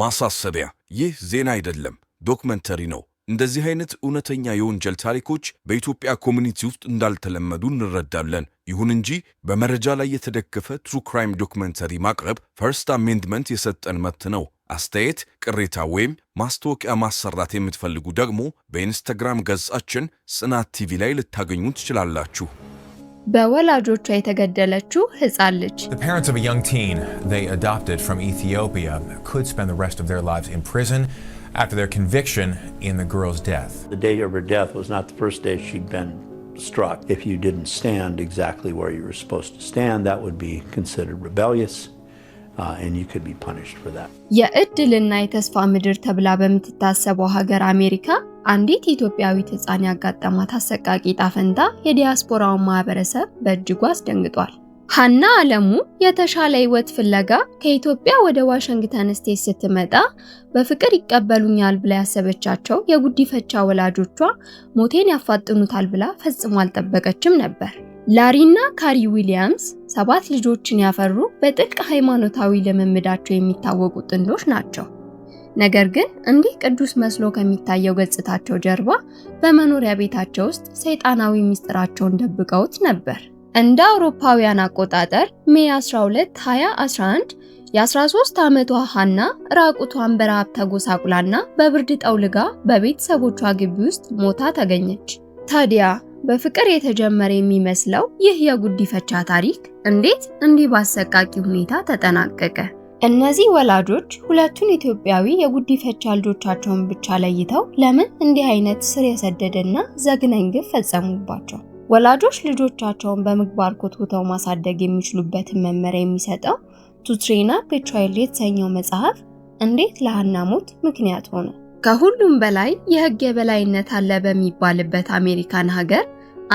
ማሳሰቢያ፣ ይህ ዜና አይደለም፣ ዶክመንተሪ ነው። እንደዚህ አይነት እውነተኛ የወንጀል ታሪኮች በኢትዮጵያ ኮሚኒቲ ውስጥ እንዳልተለመዱ እንረዳለን። ይሁን እንጂ በመረጃ ላይ የተደገፈ ትሩ ክራይም ዶክመንተሪ ማቅረብ ፈርስት አሜንድመንት የሰጠን መብት ነው። አስተያየት፣ ቅሬታ ወይም ማስታወቂያ ማሰራት የምትፈልጉ ደግሞ በኢንስታግራም ገጻችን ጽናት ቲቪ ላይ ልታገኙ ትችላላችሁ። The parents of a young teen they adopted from Ethiopia could spend the rest of their lives in prison after their conviction in the girl's death. The day of her death was not the first day she'd been struck. If you didn't stand exactly where you were supposed to stand, that would be considered rebellious. Uh, የእድልና የተስፋ ምድር ተብላ በምትታሰበው ሀገር አሜሪካ አንዲት ኢትዮጵያዊት ሕፃን ያጋጠማት አሰቃቂ ጣፈንታ የዲያስፖራውን ማህበረሰብ በእጅጉ አስደንግጧል። ሀና አለሙ የተሻለ ህይወት ፍለጋ ከኢትዮጵያ ወደ ዋሽንግተን ስቴት ስትመጣ በፍቅር ይቀበሉኛል ብላ ያሰበቻቸው የጉዲፈቻ ወላጆቿ ሞቴን ያፋጥኑታል ብላ ፈጽሞ አልጠበቀችም ነበር። ላሪና ካሪ ዊሊያምስ ሰባት ልጆችን ያፈሩ በጥልቅ ሃይማኖታዊ ልምምዳቸው የሚታወቁ ጥንዶች ናቸው። ነገር ግን እንዲህ ቅዱስ መስሎ ከሚታየው ገጽታቸው ጀርባ በመኖሪያ ቤታቸው ውስጥ ሰይጣናዊ ምስጢራቸውን ደብቀውት ነበር። እንደ አውሮፓውያን አቆጣጠር ሜ 12 2011 የ13 ዓመቷ ሀና ራቁቷን በረሃብ ተጎሳቁላና በብርድ ጠውልጋ በቤተሰቦቿ ግቢ ውስጥ ሞታ ተገኘች። ታዲያ በፍቅር የተጀመረ የሚመስለው ይህ የጉዲፈቻ ታሪክ እንዴት እንዲህ ባሰቃቂ ሁኔታ ተጠናቀቀ? እነዚህ ወላጆች ሁለቱን ኢትዮጵያዊ የጉዲፈቻ ልጆቻቸውን ብቻ ለይተው ለምን እንዲህ አይነት ስር የሰደደና ዘግናኝ ግፍ ፈጸሙባቸው? ወላጆች ልጆቻቸውን በምግባር ኮትኩተው ማሳደግ የሚችሉበትን መመሪያ የሚሰጠው ቱትሬና ትሬን ቻይልድ የተሰኘው መጽሐፍ እንዴት ለሀና ሞት ምክንያት ሆነ? ከሁሉም በላይ የህግ የበላይነት አለ በሚባልበት አሜሪካን ሀገር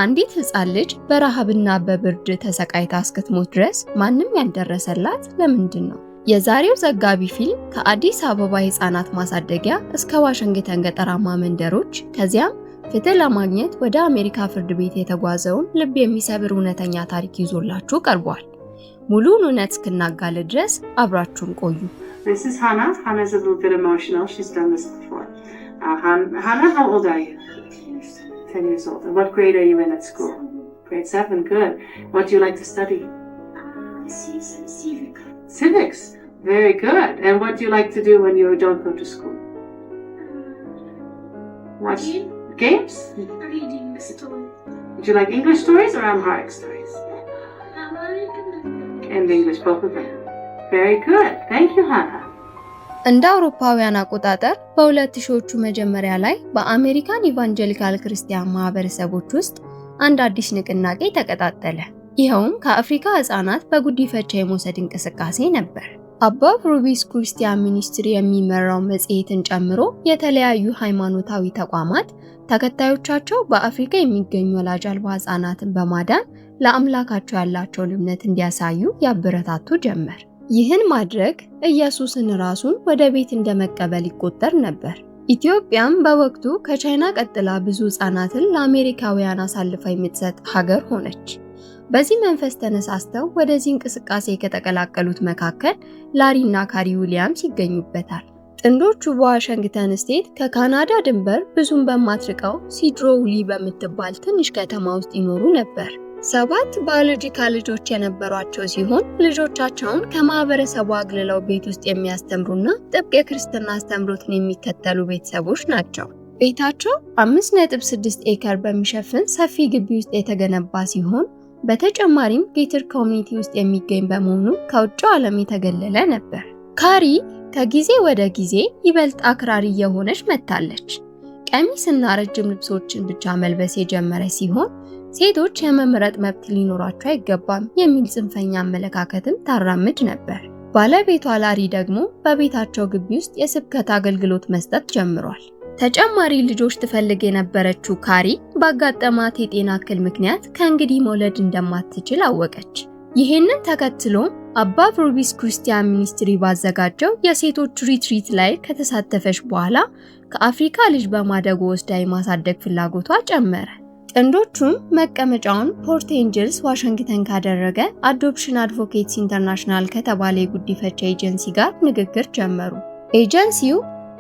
አንዲት ህፃን ልጅ በረሃብና በብርድ ተሰቃይታ እስክትሞት ድረስ ማንም ያልደረሰላት ለምንድን ነው? የዛሬው ዘጋቢ ፊልም ከአዲስ አበባ የህፃናት ማሳደጊያ እስከ ዋሽንግተን ገጠራማ መንደሮች ከዚያም ፍትህ ለማግኘት ወደ አሜሪካ ፍርድ ቤት የተጓዘውን ልብ የሚሰብር እውነተኛ ታሪክ ይዞላችሁ ቀርቧል። ሙሉውን እውነት እስክናጋል ድረስ አብራችሁን ቆዩ። 10 years old. And what grade are you in at school? Seven. Grade 7, good. What do you like to study? Uh, civics. Civics, very good. And what do you like to do when you don't go to school? Uh, Watch Game. games? Reading stories. Would you like English stories or Amharic stories? Uh, American. And English, both of them. Very good. Thank you, Hannah. እንደ አውሮፓውያን አቆጣጠር በሁለት ሺዎቹ መጀመሪያ ላይ በአሜሪካን ኢቫንጀሊካል ክርስቲያን ማህበረሰቦች ውስጥ አንድ አዲስ ንቅናቄ ተቀጣጠለ። ይኸውም ከአፍሪካ ህጻናት በጉዲፈቻ የመውሰድ እንቅስቃሴ ነበር። አባብ ሩቢስ ክርስቲያን ሚኒስትሪ የሚመራው መጽሔትን ጨምሮ የተለያዩ ሃይማኖታዊ ተቋማት ተከታዮቻቸው በአፍሪካ የሚገኙ ወላጅ አልባ ህጻናትን በማዳን ለአምላካቸው ያላቸውን እምነት እንዲያሳዩ ያበረታቱ ጀመር። ይህን ማድረግ ኢየሱስን ራሱን ወደ ቤት እንደመቀበል ይቆጠር ነበር። ኢትዮጵያም በወቅቱ ከቻይና ቀጥላ ብዙ ህጻናትን ለአሜሪካውያን አሳልፋ የምትሰጥ ሀገር ሆነች። በዚህ መንፈስ ተነሳስተው ወደዚህ እንቅስቃሴ ከተቀላቀሉት መካከል ላሪና ካሪ ዊሊያምስ ይገኙበታል። ጥንዶቹ በዋሽንግተን ስቴት ከካናዳ ድንበር ብዙም በማትርቀው ሲድሮውሊ በምትባል ትንሽ ከተማ ውስጥ ይኖሩ ነበር። ሰባት ባዮሎጂካል ልጆች የነበሯቸው ሲሆን ልጆቻቸውን ከማህበረሰቡ አግልለው ቤት ውስጥ የሚያስተምሩና ጥብቅ የክርስትና አስተምሮትን የሚከተሉ ቤተሰቦች ናቸው። ቤታቸው 5.6 ኤከር በሚሸፍን ሰፊ ግቢ ውስጥ የተገነባ ሲሆን በተጨማሪም ጌትር ኮሚኒቲ ውስጥ የሚገኝ በመሆኑ ከውጭው ዓለም የተገለለ ነበር። ካሪ ከጊዜ ወደ ጊዜ ይበልጥ አክራሪ የሆነች መጥታለች። ቀሚስና ረጅም ልብሶችን ብቻ መልበስ የጀመረ ሲሆን ሴቶች የመምረጥ መብት ሊኖራቸው አይገባም የሚል ጽንፈኛ አመለካከትም ታራምድ ነበር። ባለቤቷ ላሪ ደግሞ በቤታቸው ግቢ ውስጥ የስብከት አገልግሎት መስጠት ጀምሯል። ተጨማሪ ልጆች ትፈልግ የነበረችው ካሪ ባጋጠማት የጤና እክል ምክንያት ከእንግዲህ መውለድ እንደማትችል አወቀች። ይህንን ተከትሎም አባ ሮቢስ ክርስቲያን ሚኒስትሪ ባዘጋጀው የሴቶች ሪትሪት ላይ ከተሳተፈች በኋላ ከአፍሪካ ልጅ በማደጎ ወስዳ የማሳደግ ፍላጎቷ ጨመረ። ጥንዶቹም መቀመጫውን ፖርት ኤንጀልስ ዋሽንግተን ካደረገ አዶፕሽን አድቮኬትስ ኢንተርናሽናል ከተባለ የጉዲፈቻ ኤጀንሲ ጋር ንግግር ጀመሩ። ኤጀንሲው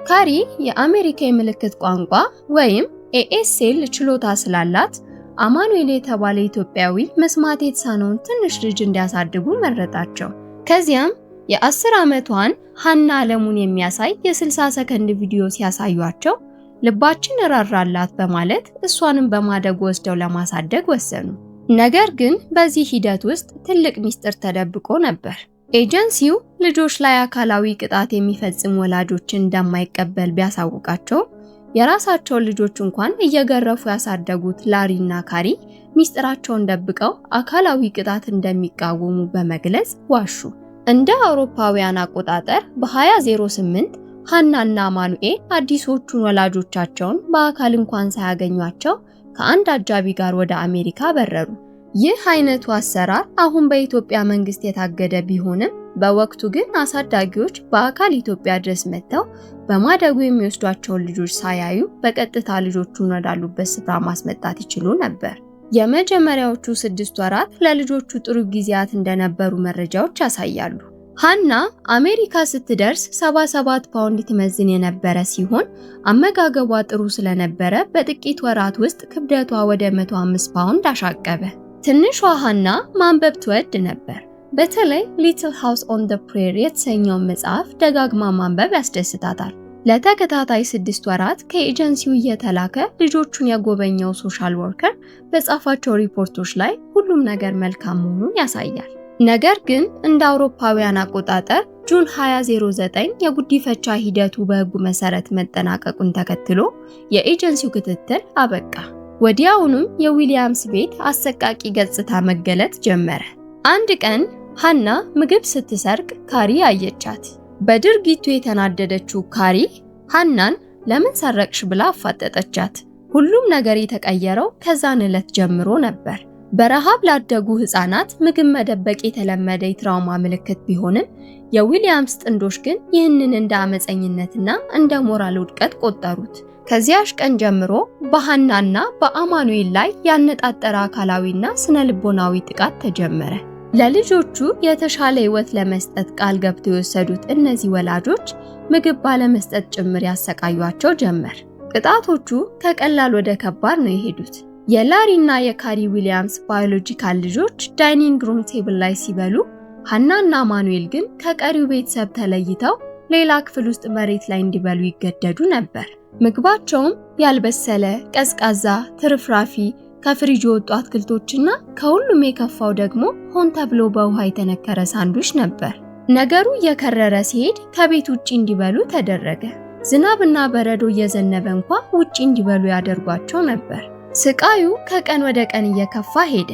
ካሪ የአሜሪካ የምልክት ቋንቋ ወይም ኤኤስኤል ችሎታ ስላላት አማኑኤል የተባለ ኢትዮጵያዊ መስማት የተሳነውን ትንሽ ልጅ እንዲያሳድጉ መረጣቸው። ከዚያም የ10 ዓመቷን ሀና አለሙን የሚያሳይ የ60 ሰከንድ ቪዲዮ ሲያሳዩቸው ልባችን ራራላት በማለት እሷንም በማደጎ ወስደው ለማሳደግ ወሰኑ። ነገር ግን በዚህ ሂደት ውስጥ ትልቅ ሚስጥር ተደብቆ ነበር። ኤጀንሲው ልጆች ላይ አካላዊ ቅጣት የሚፈጽሙ ወላጆችን እንደማይቀበል ቢያሳውቃቸው የራሳቸው ልጆች እንኳን እየገረፉ ያሳደጉት ላሪና ካሪ ሚስጥራቸውን ደብቀው አካላዊ ቅጣት እንደሚቃወሙ በመግለጽ ዋሹ። እንደ አውሮፓውያን አቆጣጠር በ2008 ሀናና ማኑኤል አዲሶቹን ወላጆቻቸውን በአካል እንኳን ሳያገኟቸው ከአንድ አጃቢ ጋር ወደ አሜሪካ በረሩ። ይህ አይነቱ አሰራር አሁን በኢትዮጵያ መንግስት የታገደ ቢሆንም በወቅቱ ግን አሳዳጊዎች በአካል ኢትዮጵያ ድረስ መጥተው በማደጉ የሚወስዷቸውን ልጆች ሳያዩ በቀጥታ ልጆቹን ወዳሉበት ስፍራ ማስመጣት ይችሉ ነበር። የመጀመሪያዎቹ ስድስት ወራት ለልጆቹ ጥሩ ጊዜያት እንደነበሩ መረጃዎች ያሳያሉ። ሃና አሜሪካ ስትደርስ 77 ፓውንድ ትመዝን የነበረ ሲሆን አመጋገቧ ጥሩ ስለነበረ በጥቂት ወራት ውስጥ ክብደቷ ወደ 105 ፓውንድ አሻቀበ። ትንሿ ሃና ማንበብ ትወድ ነበር። በተለይ ሊትል ሃውስ ኦን ዘ ፕሬሪ የተሰኘውን መጽሐፍ ደጋግማ ማንበብ ያስደስታታል። ለተከታታይ ስድስት ወራት ከኤጀንሲው እየተላከ ልጆቹን ያጎበኘው ሶሻል ወርከር በጻፋቸው ሪፖርቶች ላይ ሁሉም ነገር መልካም መሆኑን ያሳያል። ነገር ግን እንደ አውሮፓውያን አቆጣጠር ጁን 2009 የጉዲፈቻ ሂደቱ በህጉ መሰረት መጠናቀቁን ተከትሎ የኤጀንሲው ክትትል አበቃ። ወዲያውኑም የዊሊያምስ ቤት አሰቃቂ ገጽታ መገለጥ ጀመረ። አንድ ቀን ሃና ምግብ ስትሰርቅ ካሪ አየቻት። በድርጊቱ የተናደደችው ካሪ ሃናን ለምን ሰረቅሽ ብላ አፋጠጠቻት። ሁሉም ነገር የተቀየረው ከዛን ዕለት ጀምሮ ነበር። በረሃብ ላደጉ ህፃናት ምግብ መደበቅ የተለመደ የትራውማ ምልክት ቢሆንም የዊሊያምስ ጥንዶች ግን ይህንን እንደ አመፀኝነትና እንደ ሞራል ውድቀት ቆጠሩት። ከዚያሽ ቀን ጀምሮ በሃናና በአማኑኤል ላይ ያነጣጠረ አካላዊና ስነ ልቦናዊ ጥቃት ተጀመረ። ለልጆቹ የተሻለ ህይወት ለመስጠት ቃል ገብተው የወሰዱት እነዚህ ወላጆች ምግብ ባለመስጠት ጭምር ያሰቃዩቸው ጀመር። ቅጣቶቹ ከቀላል ወደ ከባድ ነው የሄዱት። የላሪ እና የካሪ ዊሊያምስ ባዮሎጂካል ልጆች ዳይኒንግ ሩም ቴብል ላይ ሲበሉ፣ ሀና እና ማኑኤል ግን ከቀሪው ቤተሰብ ተለይተው ሌላ ክፍል ውስጥ መሬት ላይ እንዲበሉ ይገደዱ ነበር። ምግባቸውም ያልበሰለ፣ ቀዝቃዛ፣ ትርፍራፊ ከፍሪጅ የወጡ አትክልቶችና ከሁሉም የከፋው ደግሞ ሆን ተብሎ በውሃ የተነከረ ሳንዱች ነበር። ነገሩ እየከረረ ሲሄድ ከቤት ውጭ እንዲበሉ ተደረገ። ዝናብና በረዶ እየዘነበ እንኳ ውጭ እንዲበሉ ያደርጓቸው ነበር። ስቃዩ ከቀን ወደ ቀን እየከፋ ሄደ።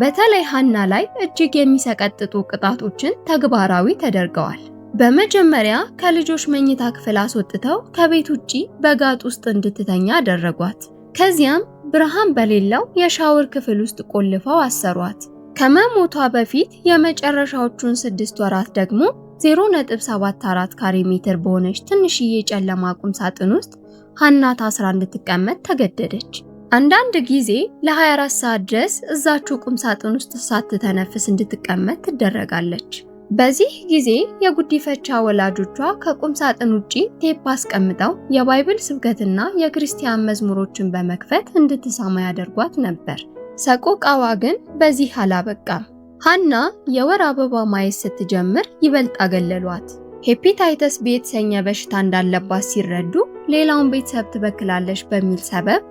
በተለይ ሃና ላይ እጅግ የሚሰቀጥጡ ቅጣቶችን ተግባራዊ ተደርገዋል። በመጀመሪያ ከልጆች መኝታ ክፍል አስወጥተው ከቤት ውጪ በጋጥ ውስጥ እንድትተኛ አደረጓት። ከዚያም ብርሃን በሌለው የሻወር ክፍል ውስጥ ቆልፈው አሰሯት። ከመሞቷ በፊት የመጨረሻዎቹን ስድስት ወራት ደግሞ 0.74 ካሬ ሜትር በሆነች ትንሽዬ ጨለማ ቁም ሳጥን ውስጥ ሃና ታስራ እንድትቀመጥ ተገደደች። አንዳንድ ጊዜ ለ24 ሰዓት ድረስ እዛችሁ ቁም ሳጥን ውስጥ ሳትተነፍስ እንድትቀመጥ ትደረጋለች። በዚህ ጊዜ የጉዲፈቻ ወላጆቿ ከቁም ሳጥን ውጪ ቴፕ አስቀምጠው የባይብል ስብከትና የክርስቲያን መዝሙሮችን በመክፈት እንድትሰማ ያደርጓት ነበር። ሰቆቃዋ ግን በዚህ አላበቃም። ሀና የወር አበባ ማየት ስትጀምር ይበልጥ አገለሏት። ሄፒታይተስ ቢ የተሰኘ በሽታ እንዳለባት ሲረዱ ሌላውን ቤተሰብ ትበክላለች በሚል ሰበብ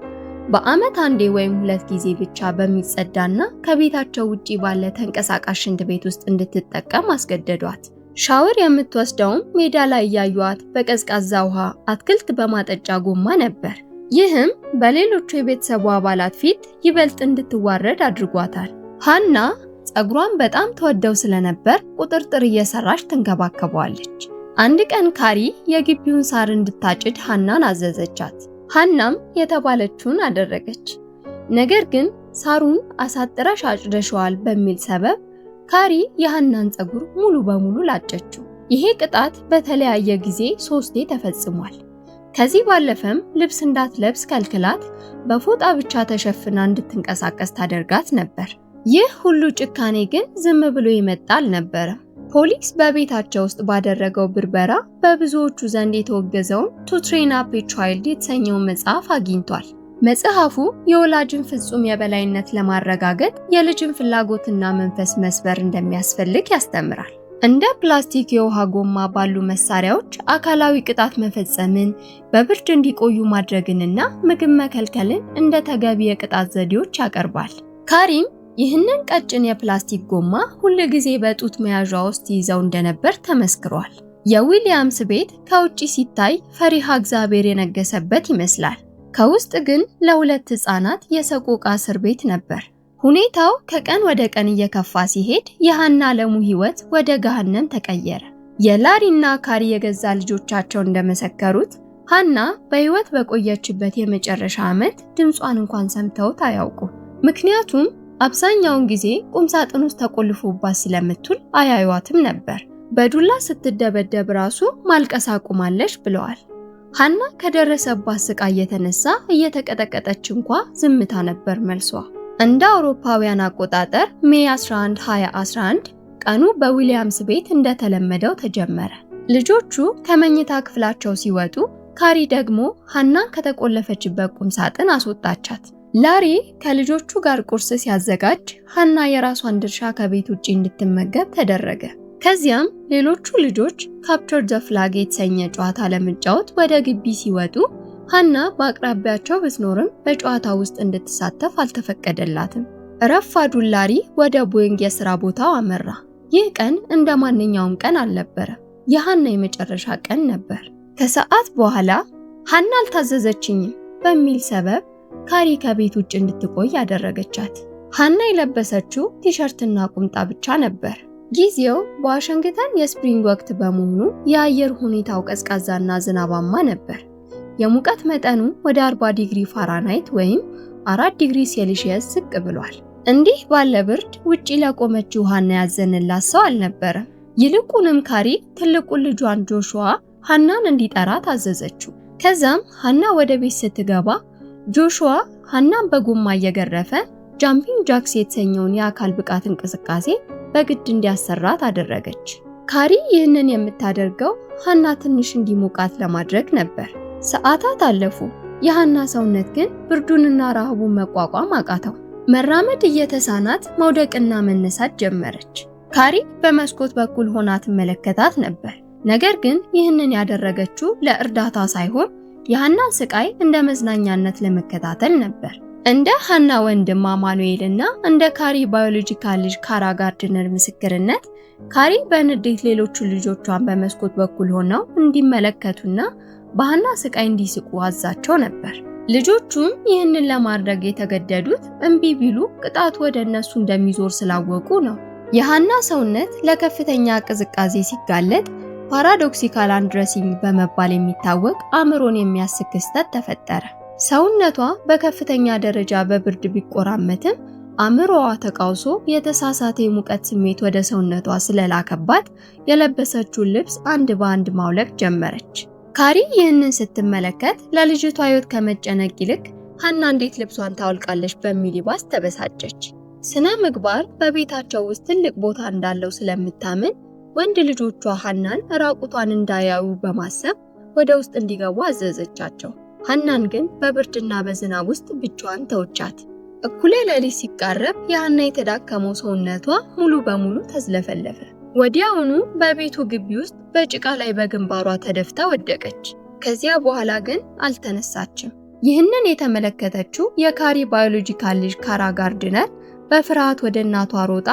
በዓመት አንዴ ወይም ሁለት ጊዜ ብቻ በሚጸዳና ከቤታቸው ውጪ ባለ ተንቀሳቃሽ ሽንት ቤት ውስጥ እንድትጠቀም አስገደዷት። ሻወር የምትወስደውም ሜዳ ላይ እያዩዋት በቀዝቃዛ ውሃ አትክልት በማጠጫ ጎማ ነበር። ይህም በሌሎቹ የቤተሰቡ አባላት ፊት ይበልጥ እንድትዋረድ አድርጓታል። ሃና ጸጉሯን በጣም ተወደው ስለነበር ቁጥርጥር እየሰራች ትንከባከበዋለች። አንድ ቀን ካሪ የግቢውን ሳር እንድታጭድ ሃናን አዘዘቻት። ሃናም የተባለችውን አደረገች። ነገር ግን ሳሩን አሳጥረሽ አጭደሸዋል በሚል ሰበብ ካሪ የሃናን ፀጉር ሙሉ በሙሉ ላጨችው። ይሄ ቅጣት በተለያየ ጊዜ ሶስቴ ተፈጽሟል። ከዚህ ባለፈም ልብስ እንዳትለብስ ከልክላት በፎጣ ብቻ ተሸፍና እንድትንቀሳቀስ ታደርጋት ነበር። ይህ ሁሉ ጭካኔ ግን ዝም ብሎ የመጣ አልነበረም። ፖሊስ በቤታቸው ውስጥ ባደረገው ብርበራ በብዙዎቹ ዘንድ የተወገዘውን ቱ ትሬን አፕ ቻይልድ የተሰኘውን መጽሐፍ አግኝቷል። መጽሐፉ የወላጅን ፍጹም የበላይነት ለማረጋገጥ የልጅን ፍላጎትና መንፈስ መስበር እንደሚያስፈልግ ያስተምራል። እንደ ፕላስቲክ የውሃ ጎማ ባሉ መሳሪያዎች አካላዊ ቅጣት መፈጸምን፣ በብርድ እንዲቆዩ ማድረግንና ምግብ መከልከልን እንደ ተገቢ የቅጣት ዘዴዎች ያቀርባል። ካሪም ይህንን ቀጭን የፕላስቲክ ጎማ ጊዜ በጡት መያዣ ውስጥ ይዘው እንደነበር ተመስክሯል። የዊሊያምስ ቤት ከውጪ ሲታይ ፈሪሃ እግዚአብሔር የነገሰበት ይመስላል። ከውስጥ ግን ለሁለት ህፃናት የሰቆቃ እስር ቤት ነበር። ሁኔታው ከቀን ወደ ቀን እየከፋ ሲሄድ የሃና ለሙ ሕይወት ወደ ገሃነም ተቀየረ። የላሪና ካሪ የገዛ ልጆቻቸው እንደመሰከሩት ሃና በሕይወት በቆየችበት የመጨረሻ ዓመት ድምጿን እንኳን ሰምተውት አያውቁ። ምክንያቱም አብዛኛውን ጊዜ ቁምሳጥን ውስጥ ተቆልፎባት ስለምትውል አያዩዋትም ነበር። በዱላ ስትደበደብ ራሱ ማልቀስ አቁማለች ብለዋል። ሀና ከደረሰባት ስቃይ የተነሳ እየተቀጠቀጠች እንኳ ዝምታ ነበር መልሷ። እንደ አውሮፓውያን አቆጣጠር ሜ 11 2011 ቀኑ በዊሊያምስ ቤት እንደተለመደው ተጀመረ። ልጆቹ ከመኝታ ክፍላቸው ሲወጡ ካሪ ደግሞ ሀናን ከተቆለፈችበት ቁም ሳጥን አስወጣቻት። ላሪ ከልጆቹ ጋር ቁርስ ሲያዘጋጅ ሀና የራሷን ድርሻ ከቤት ውጭ እንድትመገብ ተደረገ። ከዚያም ሌሎቹ ልጆች ካፕቸር ዘ ፍላግ የተሰኘ ጨዋታ ለመጫወት ወደ ግቢ ሲወጡ ሀና በአቅራቢያቸው ብትኖርም በጨዋታ ውስጥ እንድትሳተፍ አልተፈቀደላትም። ረፋዱን ላሪ ወደ ቦይንግ የሥራ ቦታው አመራ። ይህ ቀን እንደ ማንኛውም ቀን አልነበረ። የሀና የመጨረሻ ቀን ነበር። ከሰዓት በኋላ ሀና አልታዘዘችኝም በሚል ሰበብ ካሪ ከቤት ውጭ እንድትቆይ ያደረገቻት። ሃና የለበሰችው ቲሸርትና ቁምጣ ብቻ ነበር። ጊዜው በዋሽንግተን የስፕሪንግ ወቅት በመሆኑ የአየር ሁኔታው ቀዝቃዛና ዝናባማ ነበር። የሙቀት መጠኑ ወደ 40 ዲግሪ ፋራናይት ወይም 4 ዲግሪ ሴልሺየስ ዝቅ ብሏል። እንዲህ ባለ ብርድ ውጪ ለቆመችው ሃና ያዘንላት ሰው አልነበረም። ይልቁንም ካሪ ትልቁን ልጇን ጆሹዋ ሃናን እንዲጠራ ታዘዘችው። ከዛም ሃና ወደ ቤት ስትገባ ጆሹዋ ሀናን በጎማ እየገረፈ ጃምፒንግ ጃክስ የተሰኘውን የአካል ብቃት እንቅስቃሴ በግድ እንዲያሰራት አደረገች። ካሪ ይህንን የምታደርገው ሀና ትንሽ እንዲሞቃት ለማድረግ ነበር። ሰዓታት አለፉ። የሀና ሰውነት ግን ብርዱንና ረሃቡን መቋቋም አቃተው። መራመድ እየተሳናት መውደቅና መነሳት ጀመረች። ካሪ በመስኮት በኩል ሆና ትመለከታት ነበር። ነገር ግን ይህንን ያደረገችው ለእርዳታ ሳይሆን የሐናን ስቃይ እንደ መዝናኛነት ለመከታተል ነበር። እንደ ሐና ወንድም አማኑኤል እና እንደ ካሪ ባዮሎጂካል ልጅ ካራ ጋርድነር ምስክርነት ካሪ በንዴት ሌሎቹ ልጆቿን በመስኮት በኩል ሆነው እንዲመለከቱና በሐና ስቃይ እንዲስቁ አዛቸው ነበር። ልጆቹም ይህንን ለማድረግ የተገደዱት እምቢ ቢሉ ቅጣት ወደ እነሱ እንደሚዞር ስላወቁ ነው። የሐና ሰውነት ለከፍተኛ ቅዝቃዜ ሲጋለጥ ፓራዶክሲካል አንድረሲንግ በመባል የሚታወቅ አእምሮን የሚያስክ ክስተት ተፈጠረ። ሰውነቷ በከፍተኛ ደረጃ በብርድ ቢቆራመትም አእምሮዋ ተቃውሶ የተሳሳተ የሙቀት ስሜት ወደ ሰውነቷ ስለላከባት የለበሰችውን ልብስ አንድ በአንድ ማውለቅ ጀመረች። ካሪ ይህንን ስትመለከት ለልጅቷ ሕይወት ከመጨነቅ ይልቅ ሀና እንዴት ልብሷን ታወልቃለች በሚል ይባስ ተበሳጨች። ስነ ምግባር በቤታቸው ውስጥ ትልቅ ቦታ እንዳለው ስለምታምን ወንድ ልጆቿ ሐናን ራቁቷን እንዳያዩ በማሰብ ወደ ውስጥ እንዲገቡ አዘዘቻቸው። ሐናን ግን በብርድና በዝናብ ውስጥ ብቻዋን ተወቻት። እኩለ ሌሊት ሲቃረብ የሀና የተዳከመው ሰውነቷ ሙሉ በሙሉ ተዝለፈለፈ። ወዲያውኑ በቤቱ ግቢ ውስጥ በጭቃ ላይ በግንባሯ ተደፍታ ወደቀች። ከዚያ በኋላ ግን አልተነሳችም። ይህንን የተመለከተችው የካሪ ባዮሎጂካል ልጅ ካራ ጋርድነር በፍርሃት ወደ እናቷ ሮጣ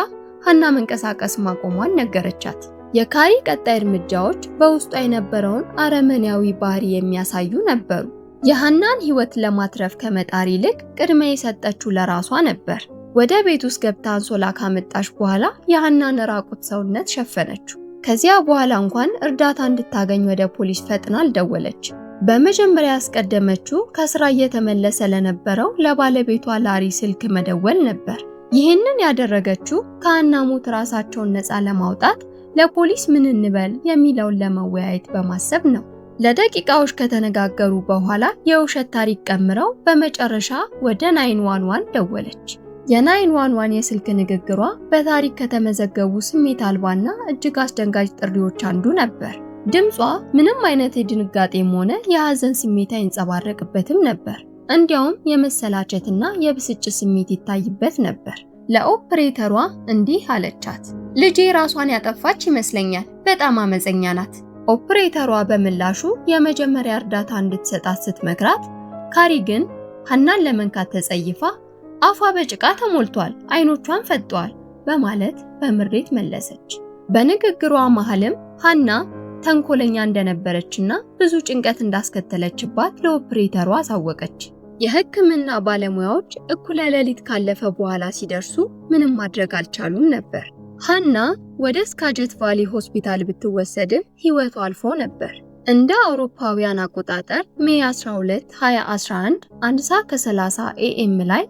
ሐና መንቀሳቀስ ማቆሟን ነገረቻት። የካሪ ቀጣይ እርምጃዎች በውስጧ የነበረውን አረመኔያዊ ባህሪ የሚያሳዩ ነበሩ። የሃናን ሕይወት ለማትረፍ ከመጣር ይልቅ ቅድሚያ የሰጠችው ለራሷ ነበር። ወደ ቤት ውስጥ ገብታ አንሶላ ካመጣች በኋላ የሃናን ራቁት ሰውነት ሸፈነችው። ከዚያ በኋላ እንኳን እርዳታ እንድታገኝ ወደ ፖሊስ ፈጥና አልደወለች። በመጀመሪያ ያስቀደመችው ከስራ እየተመለሰ ለነበረው ለባለቤቷ ላሪ ስልክ መደወል ነበር። ይህንን ያደረገችው ከሃና ሞት ራሳቸውን ነፃ ለማውጣት ለፖሊስ ምን እንበል የሚለውን ለመወያየት በማሰብ ነው። ለደቂቃዎች ከተነጋገሩ በኋላ የውሸት ታሪክ ቀምረው በመጨረሻ ወደ ናይን ዋን ዋን ደወለች። የናይን የ911 የስልክ ንግግሯ በታሪክ ከተመዘገቡ ስሜት አልባና እጅግ አስደንጋጭ ጥሪዎች አንዱ ነበር። ድምጿ ምንም አይነት የድንጋጤም ሆነ የሐዘን ስሜት አይንጸባረቅበትም ነበር። እንዲያውም የመሰላቸትና የብስጭት ስሜት ይታይበት ነበር። ለኦፕሬተሯ እንዲህ አለቻት። ልጄ ራሷን ያጠፋች ይመስለኛል። በጣም አመፀኛ ናት። ኦፕሬተሯ በምላሹ የመጀመሪያ እርዳታ እንድትሰጣት ስትመክራት፣ ካሪ ግን ሀናን ለመንካት ተጸይፋ አፏ በጭቃ ተሞልቷል፣ አይኖቿን ፈጠዋል በማለት በምሬት መለሰች። በንግግሯ መሃልም ሀና ተንኮለኛ እንደነበረችና ብዙ ጭንቀት እንዳስከተለችባት ለኦፕሬተሯ አሳወቀች። የህክምና ባለሙያዎች እኩለ ሌሊት ካለፈ በኋላ ሲደርሱ ምንም ማድረግ አልቻሉም ነበር። ሃና ወደ ስካጀት ቫሊ ሆስፒታል ብትወሰድም ህይወቱ አልፎ ነበር። እንደ አውሮፓውያን አቆጣጠር ሜ 12 2011 1 ሰዓት ከ30 ኤኤም ላይ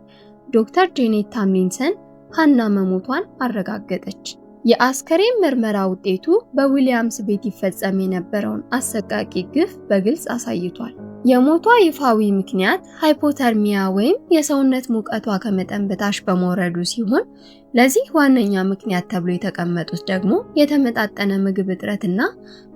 ዶክተር ጄኔት ታምሊንሰን ሃና መሞቷን አረጋገጠች። የአስከሬን ምርመራ ውጤቱ በዊሊያምስ ቤት ይፈጸም የነበረውን አሰቃቂ ግፍ በግልጽ አሳይቷል። የሞቷ ይፋዊ ምክንያት ሃይፖተርሚያ ወይም የሰውነት ሙቀቷ ከመጠን በታች በመውረዱ ሲሆን ለዚህ ዋነኛ ምክንያት ተብሎ የተቀመጡት ደግሞ የተመጣጠነ ምግብ እጥረትና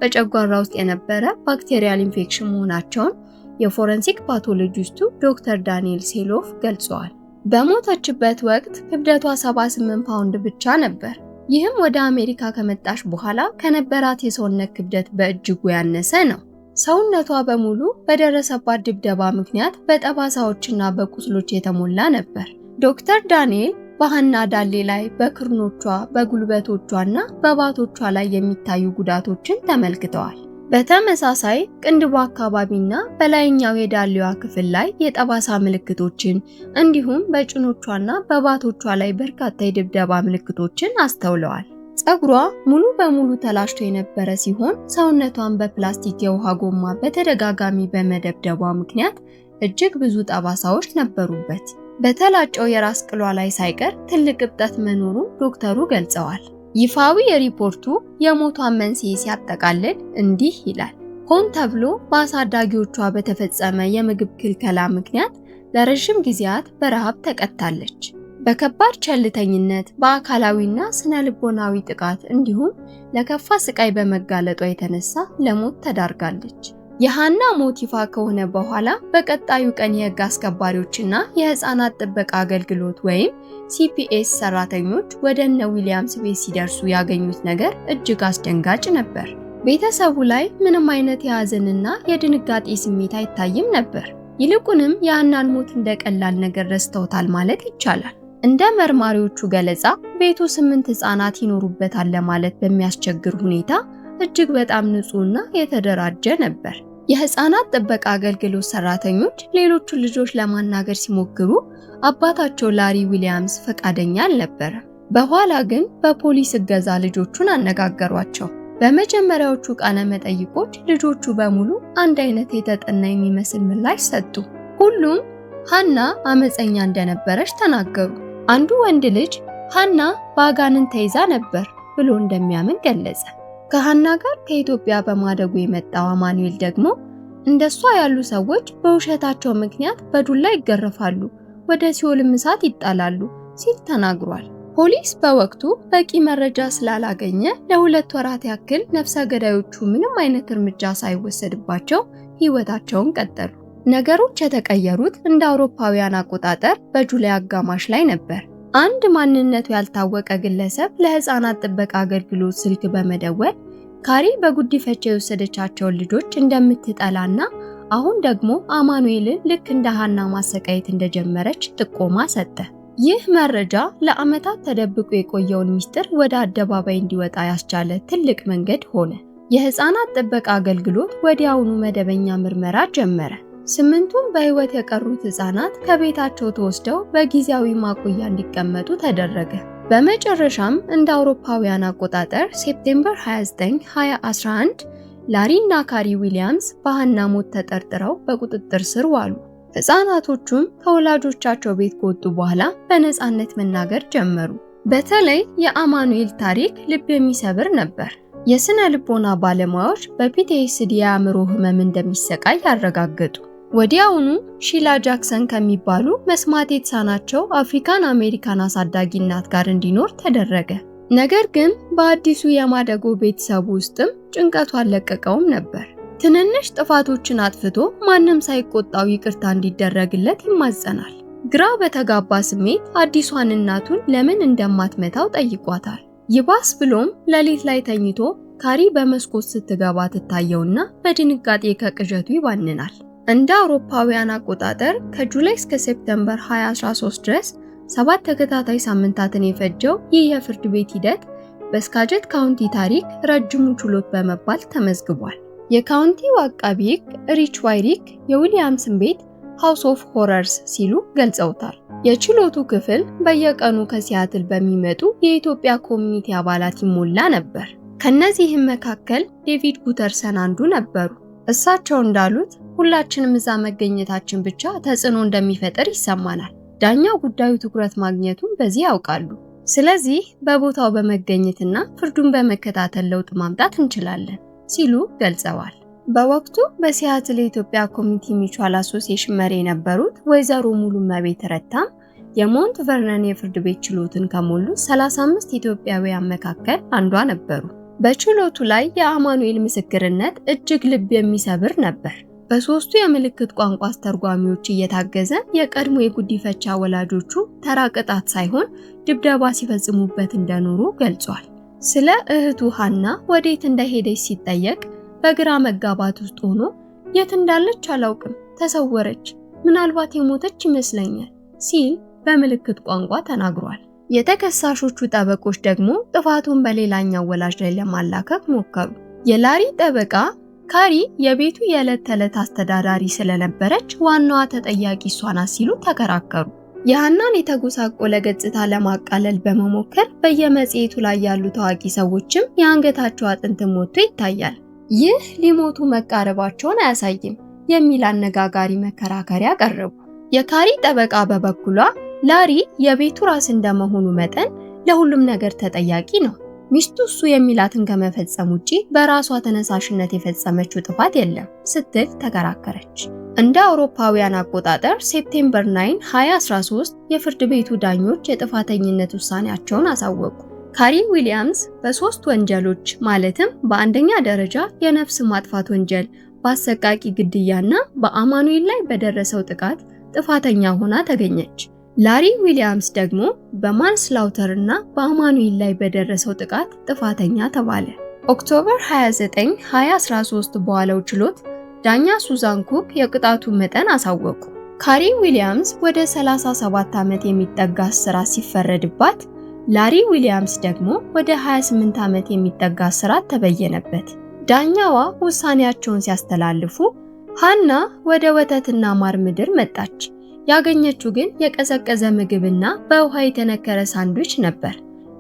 በጨጓራ ውስጥ የነበረ ባክቴሪያል ኢንፌክሽን መሆናቸውን የፎረንሲክ ፓቶሎጂስቱ ዶክተር ዳንኤል ሴሎፍ ገልጸዋል። በሞተችበት ወቅት ክብደቷ 78 ፓውንድ ብቻ ነበር። ይህም ወደ አሜሪካ ከመጣች በኋላ ከነበራት የሰውነት ክብደት በእጅጉ ያነሰ ነው። ሰውነቷ በሙሉ በደረሰባት ድብደባ ምክንያት በጠባሳዎችና በቁስሎች የተሞላ ነበር። ዶክተር ዳንኤል በሀና ዳሌ ላይ በክርኖቿ፣ በጉልበቶቿና በባቶቿ ላይ የሚታዩ ጉዳቶችን ተመልክተዋል። በተመሳሳይ ቅንድቡ አካባቢና በላይኛው የዳሌዋ ክፍል ላይ የጠባሳ ምልክቶችን እንዲሁም በጭኖቿና በባቶቿ ላይ በርካታ የድብደባ ምልክቶችን አስተውለዋል። ፀጉሯ ሙሉ በሙሉ ተላሽቶ የነበረ ሲሆን ሰውነቷን በፕላስቲክ የውሃ ጎማ በተደጋጋሚ በመደብደቧ ምክንያት እጅግ ብዙ ጠባሳዎች ነበሩበት። በተላጨው የራስ ቅሏ ላይ ሳይቀር ትልቅ እብጠት መኖሩን ዶክተሩ ገልጸዋል። ይፋዊ ሪፖርቱ የሞቷን መንስኤ ሲያጠቃልል እንዲህ ይላል። ሆን ተብሎ በአሳዳጊዎቿ በተፈጸመ የምግብ ክልከላ ምክንያት ለረዥም ጊዜያት በረሃብ ተቀጥታለች። በከባድ ቸልተኝነት፣ በአካላዊና ስነ ልቦናዊ ጥቃት እንዲሁም ለከፋ ስቃይ በመጋለጧ የተነሳ ለሞት ተዳርጋለች። የሃና ሞት ይፋ ከሆነ በኋላ በቀጣዩ ቀን የህግ አስከባሪዎችና የህፃናት ጥበቃ አገልግሎት ወይም ሲፒኤስ ሰራተኞች ወደ እነ ዊሊያምስ ቤት ሲደርሱ ያገኙት ነገር እጅግ አስደንጋጭ ነበር። ቤተሰቡ ላይ ምንም አይነት የሀዘንና የድንጋጤ ስሜት አይታይም ነበር። ይልቁንም የሃናን ሞት እንደ ቀላል ነገር ረስተውታል ማለት ይቻላል። እንደ መርማሪዎቹ ገለጻ ቤቱ ስምንት ህፃናት ይኖሩበታል ለማለት በሚያስቸግር ሁኔታ እጅግ በጣም ንጹህና የተደራጀ ነበር። የህፃናት ጥበቃ አገልግሎት ሰራተኞች ሌሎቹን ልጆች ለማናገር ሲሞክሩ አባታቸው ላሪ ዊሊያምስ ፈቃደኛ አልነበረም። በኋላ ግን በፖሊስ እገዛ ልጆቹን አነጋገሯቸው። በመጀመሪያዎቹ ቃለ መጠይቆች ልጆቹ በሙሉ አንድ አይነት የተጠና የሚመስል ምላሽ ሰጡ። ሁሉም ሃና አመፀኛ እንደነበረች ተናገሩ። አንዱ ወንድ ልጅ ሃና በአጋንንት ተይዛ ነበር ብሎ እንደሚያምን ገለጸ። ከሀና ጋር ከኢትዮጵያ በማደጉ የመጣው አማኑኤል ደግሞ እንደሷ ያሉ ሰዎች በውሸታቸው ምክንያት በዱላ ይገረፋሉ፣ ወደ ሲኦልም እሳት ይጣላሉ ሲል ተናግሯል። ፖሊስ በወቅቱ በቂ መረጃ ስላላገኘ ለሁለት ወራት ያክል ነፍሰ ገዳዮቹ ምንም አይነት እርምጃ ሳይወሰድባቸው ህይወታቸውን ቀጠሉ። ነገሮች የተቀየሩት እንደ አውሮፓውያን አቆጣጠር በጁላይ አጋማሽ ላይ ነበር። አንድ ማንነቱ ያልታወቀ ግለሰብ ለህፃናት ጥበቃ አገልግሎት ስልክ በመደወል ካሪ በጉዲፈቻ የወሰደቻቸውን ልጆች እንደምትጠላና አሁን ደግሞ አማኑኤልን ልክ እንደ ሃና ማሰቃየት እንደጀመረች ጥቆማ ሰጠ። ይህ መረጃ ለዓመታት ተደብቆ የቆየውን ሚስጥር ወደ አደባባይ እንዲወጣ ያስቻለ ትልቅ መንገድ ሆነ። የህፃናት ጥበቃ አገልግሎት ወዲያውኑ መደበኛ ምርመራ ጀመረ። ስምንቱም በሕይወት የቀሩት ሕፃናት ከቤታቸው ተወስደው በጊዜያዊ ማቆያ እንዲቀመጡ ተደረገ። በመጨረሻም እንደ አውሮፓውያን አቆጣጠር ሴፕቴምበር 29 2011 ላሪ እና ካሪ ዊሊያምስ በሃና ሞት ተጠርጥረው በቁጥጥር ስር ዋሉ። ሕፃናቶቹም ከወላጆቻቸው ቤት ከወጡ በኋላ በነፃነት መናገር ጀመሩ። በተለይ የአማኑኤል ታሪክ ልብ የሚሰብር ነበር። የስነ ልቦና ባለሙያዎች በፒቲኤስዲ የአእምሮ ህመም እንደሚሰቃይ ያረጋገጡ። ወዲያውኑ ሺላ ጃክሰን ከሚባሉ መስማት የተሳናቸው አፍሪካን አሜሪካን አሳዳጊ እናት ጋር እንዲኖር ተደረገ። ነገር ግን በአዲሱ የማደጎ ቤተሰብ ውስጥም ጭንቀቱ አልለቀቀውም ነበር። ትንንሽ ጥፋቶችን አጥፍቶ ማንም ሳይቆጣው ይቅርታ እንዲደረግለት ይማጸናል። ግራ በተጋባ ስሜት አዲሷን እናቱን ለምን እንደማትመታው ጠይቋታል። ይባስ ብሎም ሌሊት ላይ ተኝቶ ካሪ በመስኮት ስትገባ ትታየውና በድንጋጤ ከቅዠቱ ይባንናል። እንደ አውሮፓውያን አቆጣጠር ከጁላይ እስከ ሴፕተምበር 2013 ድረስ ሰባት ተከታታይ ሳምንታትን የፈጀው ይህ የፍርድ ቤት ሂደት በስካጀት ካውንቲ ታሪክ ረጅሙ ችሎት በመባል ተመዝግቧል። የካውንቲው አቃቢ ሕግ ሪች ዋይሪክ የዊሊያምስን ቤት ሃውስ ኦፍ ሆረርስ ሲሉ ገልጸውታል። የችሎቱ ክፍል በየቀኑ ከሲያትል በሚመጡ የኢትዮጵያ ኮሚኒቲ አባላት ይሞላ ነበር። ከነዚህም መካከል ዴቪድ ጉተርሰን አንዱ ነበሩ። እሳቸው እንዳሉት ሁላችንም እዛ መገኘታችን ብቻ ተጽዕኖ እንደሚፈጥር ይሰማናል። ዳኛው ጉዳዩ ትኩረት ማግኘቱን በዚህ ያውቃሉ። ስለዚህ በቦታው በመገኘትና ፍርዱን በመከታተል ለውጥ ማምጣት እንችላለን ሲሉ ገልጸዋል። በወቅቱ በሲያትል የኢትዮጵያ ኮሚኒቲ ሚቹዋል አሶሲዬሽን መሪ የነበሩት ወይዘሮ ሙሉ መቤት ረታም የሞንት ቨርነን የፍርድ ቤት ችሎትን ከሞሉ 35 ኢትዮጵያውያን መካከል አንዷ ነበሩ። በችሎቱ ላይ የአማኑኤል ምስክርነት እጅግ ልብ የሚሰብር ነበር። በሶስቱ የምልክት ቋንቋ አስተርጓሚዎች እየታገዘ የቀድሞ የጉዲፈቻ ወላጆቹ ተራ ቅጣት ሳይሆን ድብደባ ሲፈጽሙበት እንደኖሩ ገልጿል። ስለ እህቱ ሀና ወዴት እንደሄደች ሲጠየቅ በግራ መጋባት ውስጥ ሆኖ የት እንዳለች አላውቅም፣ ተሰወረች፣ ምናልባት የሞተች ይመስለኛል ሲል በምልክት ቋንቋ ተናግሯል። የተከሳሾቹ ጠበቆች ደግሞ ጥፋቱን በሌላኛው ወላጅ ላይ ለማላከክ ሞከሩ። የላሪ ጠበቃ ካሪ የቤቱ የዕለት ተዕለት አስተዳዳሪ ስለነበረች ዋናዋ ተጠያቂ እሷ ናት ሲሉ ተከራከሩ። የሃናን የተጎሳቆለ ገጽታ ለማቃለል በመሞከር በየመጽሔቱ ላይ ያሉ ታዋቂ ሰዎችም የአንገታቸው አጥንት ሞቶ ይታያል፣ ይህ ሊሞቱ መቃረባቸውን አያሳይም የሚል አነጋጋሪ መከራከሪያ ቀረቡ። የካሪ ጠበቃ በበኩሏ ላሪ የቤቱ ራስ እንደመሆኑ መጠን ለሁሉም ነገር ተጠያቂ ነው ሚስቱ እሱ የሚላትን ከመፈጸም ውጪ በራሷ ተነሳሽነት የፈጸመችው ጥፋት የለም ስትል ተከራከረች። እንደ አውሮፓውያን አቆጣጠር ሴፕቴምበር 9 2013 የፍርድ ቤቱ ዳኞች የጥፋተኝነት ውሳኔያቸውን አሳወቁ። ካሪ ዊሊያምስ በሶስት ወንጀሎች ማለትም በአንደኛ ደረጃ የነፍስ ማጥፋት ወንጀል፣ በአሰቃቂ ግድያና በአማኑኤል ላይ በደረሰው ጥቃት ጥፋተኛ ሆና ተገኘች። ላሪ ዊሊያምስ ደግሞ በማንስላውተር እና በአማኑኤል ላይ በደረሰው ጥቃት ጥፋተኛ ተባለ። ኦክቶበር 29 2013 በዋለው ችሎት ዳኛ ሱዛን ኩክ የቅጣቱን መጠን አሳወቁ። ካሪ ዊሊያምስ ወደ 37 ዓመት የሚጠጋ እስራት ሲፈረድባት፣ ላሪ ዊሊያምስ ደግሞ ወደ 28 ዓመት የሚጠጋ እስራት ተበየነበት። ዳኛዋ ውሳኔያቸውን ሲያስተላልፉ ሃና ወደ ወተትና ማር ምድር መጣች። ያገኘችው ግን የቀዘቀዘ ምግብና በውሃ የተነከረ ሳንድዊች ነበር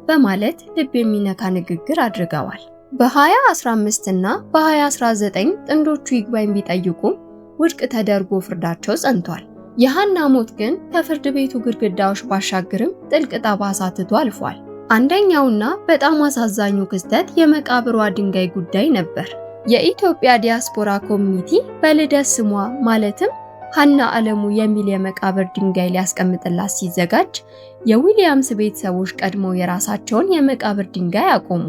በማለት ልብ የሚነካ ንግግር አድርገዋል። በ2015 እና በ2019 ጥንዶቹ ይግባኝ ቢጠይቁም ውድቅ ተደርጎ ፍርዳቸው ጸንቷል። የሃና ሞት ግን ከፍርድ ቤቱ ግድግዳዎች ባሻገርም ጥልቅ ጠባሳ ትቶ አልፏል። አንደኛውና በጣም አሳዛኙ ክስተት የመቃብሯ ድንጋይ ጉዳይ ነበር። የኢትዮጵያ ዲያስፖራ ኮሚኒቲ በልደት ስሟ ማለትም ሀና አለሙ የሚል የመቃብር ድንጋይ ሊያስቀምጥላት ሲዘጋጅ የዊሊያምስ ቤተሰቦች ቀድመው የራሳቸውን የመቃብር ድንጋይ አቆሙ።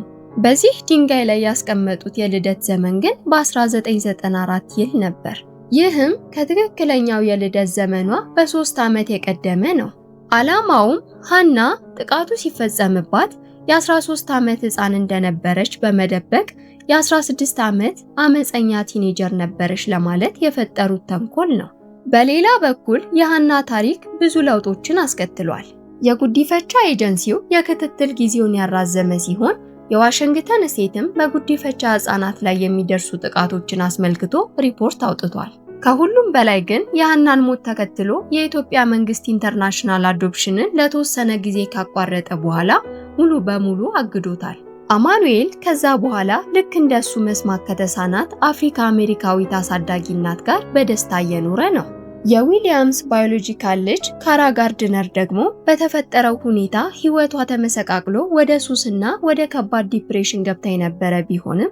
በዚህ ድንጋይ ላይ ያስቀመጡት የልደት ዘመን ግን በ1994 ይል ነበር። ይህም ከትክክለኛው የልደት ዘመኗ በሶስት ዓመት የቀደመ ነው። ዓላማውም ሀና ጥቃቱ ሲፈጸምባት የ13 ዓመት ሕፃን እንደነበረች በመደበቅ የ16 ዓመት አመፀኛ ቲኔጀር ነበረች ለማለት የፈጠሩት ተንኮል ነው። በሌላ በኩል የሃና ታሪክ ብዙ ለውጦችን አስከትሏል። የጉዲፈቻ ኤጀንሲው የክትትል ጊዜውን ያራዘመ ሲሆን የዋሽንግተን ስቴትም በጉዲፈቻ ህጻናት ላይ የሚደርሱ ጥቃቶችን አስመልክቶ ሪፖርት አውጥቷል። ከሁሉም በላይ ግን የሃናን ሞት ተከትሎ የኢትዮጵያ መንግስት ኢንተርናሽናል አዶፕሽንን ለተወሰነ ጊዜ ካቋረጠ በኋላ ሙሉ በሙሉ አግዶታል። አማኑኤል ከዛ በኋላ ልክ እንደሱ መስማት ከተሳናት አፍሪካ አሜሪካዊት አሳዳጊ እናት ጋር በደስታ እየኖረ ነው። የዊሊያምስ ባዮሎጂካል ልጅ ካራ ጋርድነር ደግሞ በተፈጠረው ሁኔታ ሕይወቷ ተመሰቃቅሎ ወደ ሱስና ወደ ከባድ ዲፕሬሽን ገብታ የነበረ ቢሆንም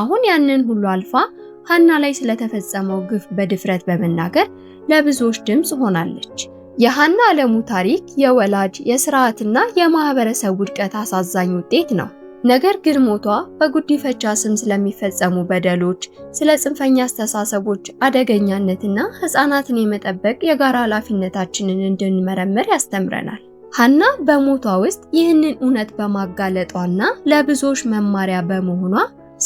አሁን ያንን ሁሉ አልፋ ሀና ላይ ስለተፈጸመው ግፍ በድፍረት በመናገር ለብዙዎች ድምፅ ሆናለች። የሀና አለሙ ታሪክ የወላጅ የስርዓትና የማህበረሰብ ውድቀት አሳዛኝ ውጤት ነው። ነገር ግን ሞቷ በጉዲፈቻ ስም ስለሚፈጸሙ በደሎች፣ ስለ ጽንፈኛ አስተሳሰቦች አደገኛነትና ሕፃናትን የመጠበቅ የጋራ ኃላፊነታችንን እንድንመረምር ያስተምረናል። ሀና በሞቷ ውስጥ ይህንን እውነት በማጋለጧና ለብዙዎች መማሪያ በመሆኗ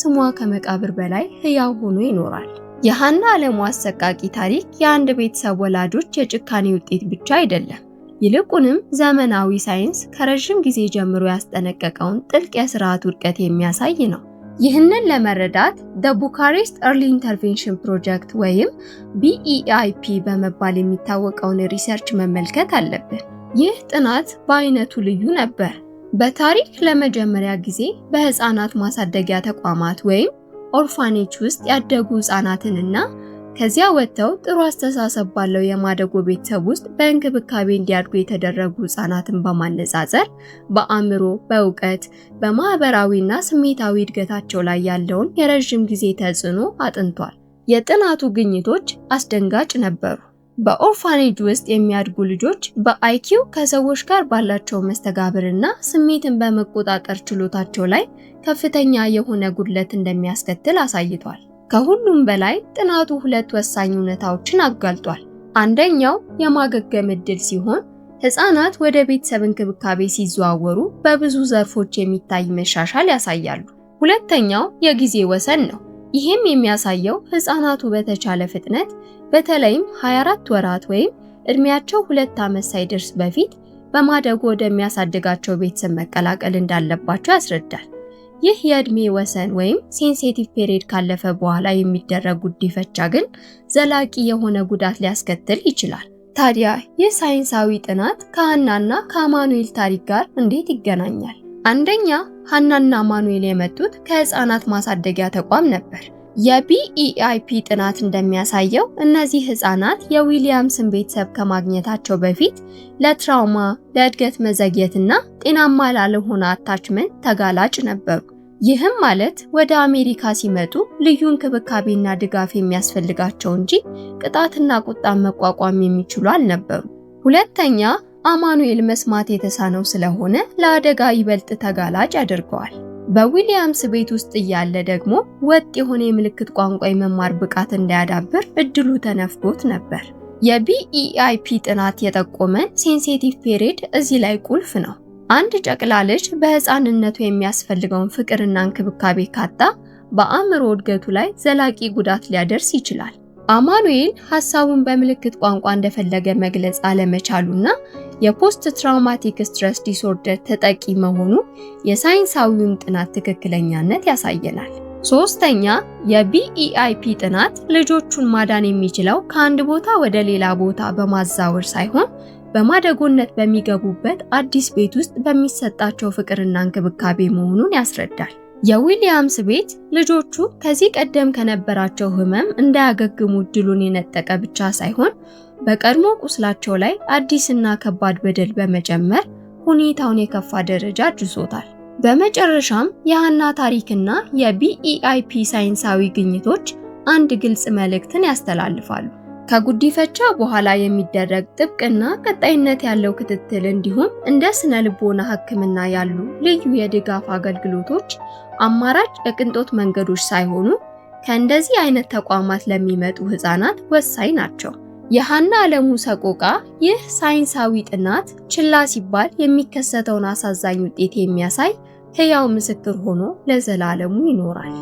ስሟ ከመቃብር በላይ ሕያው ሆኖ ይኖራል። የሀና ዓለሙ አሰቃቂ ታሪክ የአንድ ቤተሰብ ወላጆች የጭካኔ ውጤት ብቻ አይደለም። ይልቁንም ዘመናዊ ሳይንስ ከረዥም ጊዜ ጀምሮ ያስጠነቀቀውን ጥልቅ የስርዓት ውድቀት የሚያሳይ ነው። ይህንን ለመረዳት ደ ቡካሬስት ኤርሊ ኢንተርቬንሽን ፕሮጀክት ወይም ቢኢአይፒ e በመባል የሚታወቀውን ሪሰርች መመልከት አለብን። ይህ ጥናት በአይነቱ ልዩ ነበር። በታሪክ ለመጀመሪያ ጊዜ በህፃናት ማሳደጊያ ተቋማት ወይም ኦርፋኔች ውስጥ ያደጉ ህፃናትንና ከዚያ ወጥተው ጥሩ አስተሳሰብ ባለው የማደጎ ቤተሰብ ውስጥ በእንክብካቤ እንዲያድጉ የተደረጉ ህጻናትን በማነጻጸር በአእምሮ፣ በእውቀት፣ በማህበራዊና ስሜታዊ እድገታቸው ላይ ያለውን የረዥም ጊዜ ተጽዕኖ አጥንቷል። የጥናቱ ግኝቶች አስደንጋጭ ነበሩ። በኦርፋኔጅ ውስጥ የሚያድጉ ልጆች በአይኪው ከሰዎች ጋር ባላቸው መስተጋብርና ስሜትን በመቆጣጠር ችሎታቸው ላይ ከፍተኛ የሆነ ጉድለት እንደሚያስከትል አሳይቷል። ከሁሉም በላይ ጥናቱ ሁለት ወሳኝ እውነታዎችን አጋልጧል። አንደኛው የማገገም እድል ሲሆን ህፃናት ወደ ቤተሰብ እንክብካቤ ሲዘዋወሩ በብዙ ዘርፎች የሚታይ መሻሻል ያሳያሉ። ሁለተኛው የጊዜ ወሰን ነው። ይህም የሚያሳየው ህፃናቱ በተቻለ ፍጥነት በተለይም 24 ወራት ወይም እድሜያቸው ሁለት ዓመት ሳይደርስ በፊት በማደጎ ወደሚያሳድጋቸው ቤተሰብ መቀላቀል እንዳለባቸው ያስረዳል። ይህ የእድሜ ወሰን ወይም ሴንሴቲቭ ፔሪድ ካለፈ በኋላ የሚደረግ ጉዲፈቻ ግን ዘላቂ የሆነ ጉዳት ሊያስከትል ይችላል። ታዲያ ይህ ሳይንሳዊ ጥናት ከሀናና ከአማኑኤል ታሪክ ጋር እንዴት ይገናኛል? አንደኛ ሀናና አማኑኤል የመጡት ከህፃናት ማሳደጊያ ተቋም ነበር። የቢኢአይፒ ጥናት እንደሚያሳየው እነዚህ ህፃናት የዊሊያምስን ቤተሰብ ከማግኘታቸው በፊት ለትራውማ፣ ለእድገት መዘግየትና ጤናማ ላልሆነ አታችመንት ተጋላጭ ነበሩ። ይህም ማለት ወደ አሜሪካ ሲመጡ ልዩ እንክብካቤና ድጋፍ የሚያስፈልጋቸው እንጂ ቅጣትና ቁጣን መቋቋም የሚችሉ አልነበሩ። ሁለተኛ አማኑኤል መስማት የተሳነው ስለሆነ ለአደጋ ይበልጥ ተጋላጭ ያደርገዋል። በዊሊያምስ ቤት ውስጥ እያለ ደግሞ ወጥ የሆነ የምልክት ቋንቋ የመማር ብቃት እንዳያዳብር እድሉ ተነፍጎት ነበር። የቢኢአይፒ ጥናት የጠቆመን ሴንሴቲቭ ፔሬድ እዚህ ላይ ቁልፍ ነው። አንድ ጨቅላ ልጅ በህፃንነቱ የሚያስፈልገውን ፍቅርና እንክብካቤ ካጣ በአእምሮ እድገቱ ላይ ዘላቂ ጉዳት ሊያደርስ ይችላል። አማኑኤል ሐሳቡን በምልክት ቋንቋ እንደፈለገ መግለጽ አለመቻሉና የፖስት ትራውማቲክ ስትረስ ዲስኦርደር ተጠቂ መሆኑ የሳይንሳዊውን ጥናት ትክክለኛነት ያሳየናል። ሶስተኛ የቢኢአይፒ ጥናት ልጆቹን ማዳን የሚችለው ከአንድ ቦታ ወደ ሌላ ቦታ በማዛወር ሳይሆን በማደጎነት በሚገቡበት አዲስ ቤት ውስጥ በሚሰጣቸው ፍቅርና እንክብካቤ መሆኑን ያስረዳል። የዊሊያምስ ቤት ልጆቹ ከዚህ ቀደም ከነበራቸው ህመም እንዳያገግሙ እድሉን የነጠቀ ብቻ ሳይሆን በቀድሞ ቁስላቸው ላይ አዲስና ከባድ በደል በመጨመር ሁኔታውን የከፋ ደረጃ አድርሶታል። በመጨረሻም የሃና ታሪክና የቢኢአይፒ ሳይንሳዊ ግኝቶች አንድ ግልጽ መልእክትን ያስተላልፋሉ። ከጉዲፈቻ በኋላ የሚደረግ ጥብቅና ቀጣይነት ያለው ክትትል እንዲሁም እንደ ስነ ልቦና ሕክምና ያሉ ልዩ የድጋፍ አገልግሎቶች አማራጭ የቅንጦት መንገዶች ሳይሆኑ ከእንደዚህ አይነት ተቋማት ለሚመጡ ህፃናት ወሳኝ ናቸው። የሃና አለሙ ሰቆቃ ይህ ሳይንሳዊ ጥናት ችላ ሲባል የሚከሰተውን አሳዛኝ ውጤት የሚያሳይ ህያው ምስክር ሆኖ ለዘላለሙ ይኖራል።